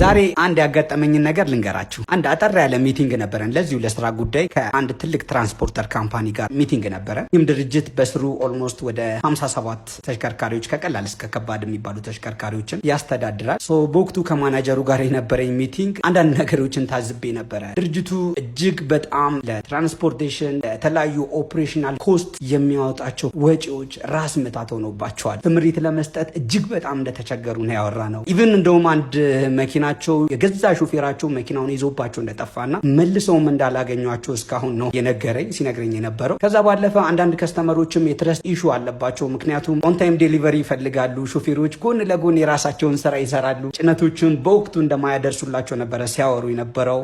ዛሬ አንድ ያጋጠመኝን ነገር ልንገራችሁ። አንድ አጠር ያለ ሚቲንግ ነበረን። ለዚሁ ለስራ ጉዳይ ከአንድ ትልቅ ትራንስፖርተር ካምፓኒ ጋር ሚቲንግ ነበረ። ይህም ድርጅት በስሩ ኦልሞስት ወደ 57 ተሽከርካሪዎች ከቀላል እስከ ከባድ የሚባሉ ተሽከርካሪዎችን ያስተዳድራል። በወቅቱ ከማናጀሩ ጋር የነበረኝ ሚቲንግ አንዳንድ ነገሮችን ታዝቤ ነበረ። ድርጅቱ እጅግ በጣም ለትራንስፖርቴሽን፣ ለተለያዩ ኦፕሬሽናል ኮስት የሚያወጣቸው ወጪዎች ራስ ምታት ሆኖባቸዋል። ትምሪት ለመስጠት እጅግ በጣም እንደተቸገሩ ነው ያወራ ነው። ኢቨን እንደውም አንድ መኪና መኪናቸው የገዛ ሹፌራቸው መኪናውን ይዞባቸው እንደጠፋና መልሰውም እንዳላገኟቸው እስካሁን ነው የነገረኝ ሲነግረኝ የነበረው። ከዛ ባለፈ አንዳንድ ከስተመሮችም የትረስት ኢሹ አለባቸው። ምክንያቱም ኦንታይም ዴሊቨሪ ይፈልጋሉ። ሹፌሮች ጎን ለጎን የራሳቸውን ስራ ይሰራሉ። ጭነቶችን በወቅቱ እንደማያደርሱላቸው ነበረ ሲያወሩ የነበረው።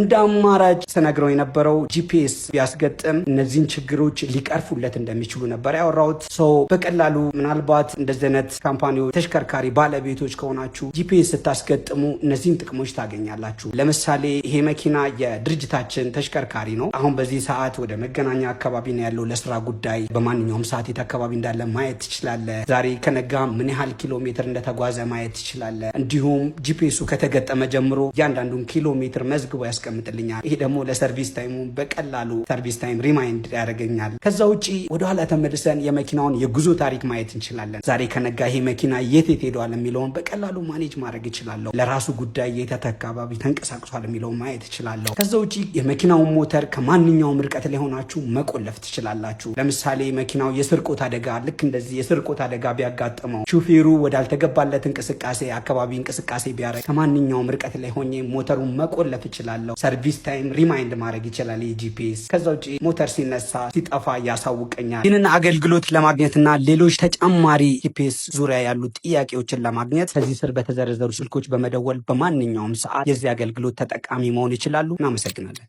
እንደ አማራጭ ተነግረው የነበረው ጂፒኤስ ቢያስገጥም እነዚህን ችግሮች ሊቀርፉለት እንደሚችሉ ነበር ያወራሁት። ሰው በቀላሉ ምናልባት እንደዚህ አይነት ካምፓኒዎች ተሽከርካሪ ባለቤቶች ከሆናችሁ ጂፒኤስ ስታስገጥሙ እነዚህን ጥቅሞች ታገኛላችሁ። ለምሳሌ ይሄ መኪና የድርጅታችን ተሽከርካሪ ነው። አሁን በዚህ ሰዓት ወደ መገናኛ አካባቢ ነው ያለው ለስራ ጉዳይ። በማንኛውም ሰዓት የት አካባቢ እንዳለ ማየት ትችላለ። ዛሬ ከነጋ ምን ያህል ኪሎ ሜትር እንደተጓዘ ማየት ትችላለ። እንዲሁም ጂፒኤሱ ከተገጠመ ጀምሮ እያንዳንዱን ኪሎ ሜትር መዝግቦ ያስቀምጥልኛል። ይሄ ደግሞ ለሰርቪስ ታይሙ በቀላሉ ሰርቪስ ታይም ሪማይንድ ያደርገኛል። ከዛ ውጭ ወደኋላ ተመልሰን የመኪናውን የጉዞ ታሪክ ማየት እንችላለን። ዛሬ ከነጋ ይሄ መኪና የት የት ሄደዋል የሚለውን በቀላሉ ማኔጅ ማድረግ ይችላለሁ። ለራሱ ጉዳይ የት አካባቢ ተንቀሳቅሷል የሚለው ማየት ይችላለሁ። ከዛ ውጭ የመኪናውን ሞተር ከማንኛውም ርቀት ላይ ሆናችሁ መቆለፍ ትችላላችሁ። ለምሳሌ መኪናው የስርቆት አደጋ ልክ እንደዚህ የስርቆት አደጋ ቢያጋጥመው ሹፌሩ ወዳልተገባለት እንቅስቃሴ አካባቢ እንቅስቃሴ ቢያደርግ ከማንኛውም ርቀት ላይ ሆኜ ሞተሩን መቆለፍ ይችላለሁ። ሰርቪስ ታይም ሪማይንድ ማድረግ ይችላል የጂፒኤስ። ከዛ ውጭ ሞተር ሲነሳ ሲጠፋ ያሳውቀኛል። ይህንን አገልግሎት ለማግኘትና ሌሎች ተጨማሪ ጂፒኤስ ዙሪያ ያሉ ጥያቄዎችን ለማግኘት ከዚህ ስር በተዘረዘሩ ስልኮች በመደወል በማንኛውም ሰዓት የዚህ አገልግሎት ተጠቃሚ መሆን ይችላሉ። እናመሰግናለን።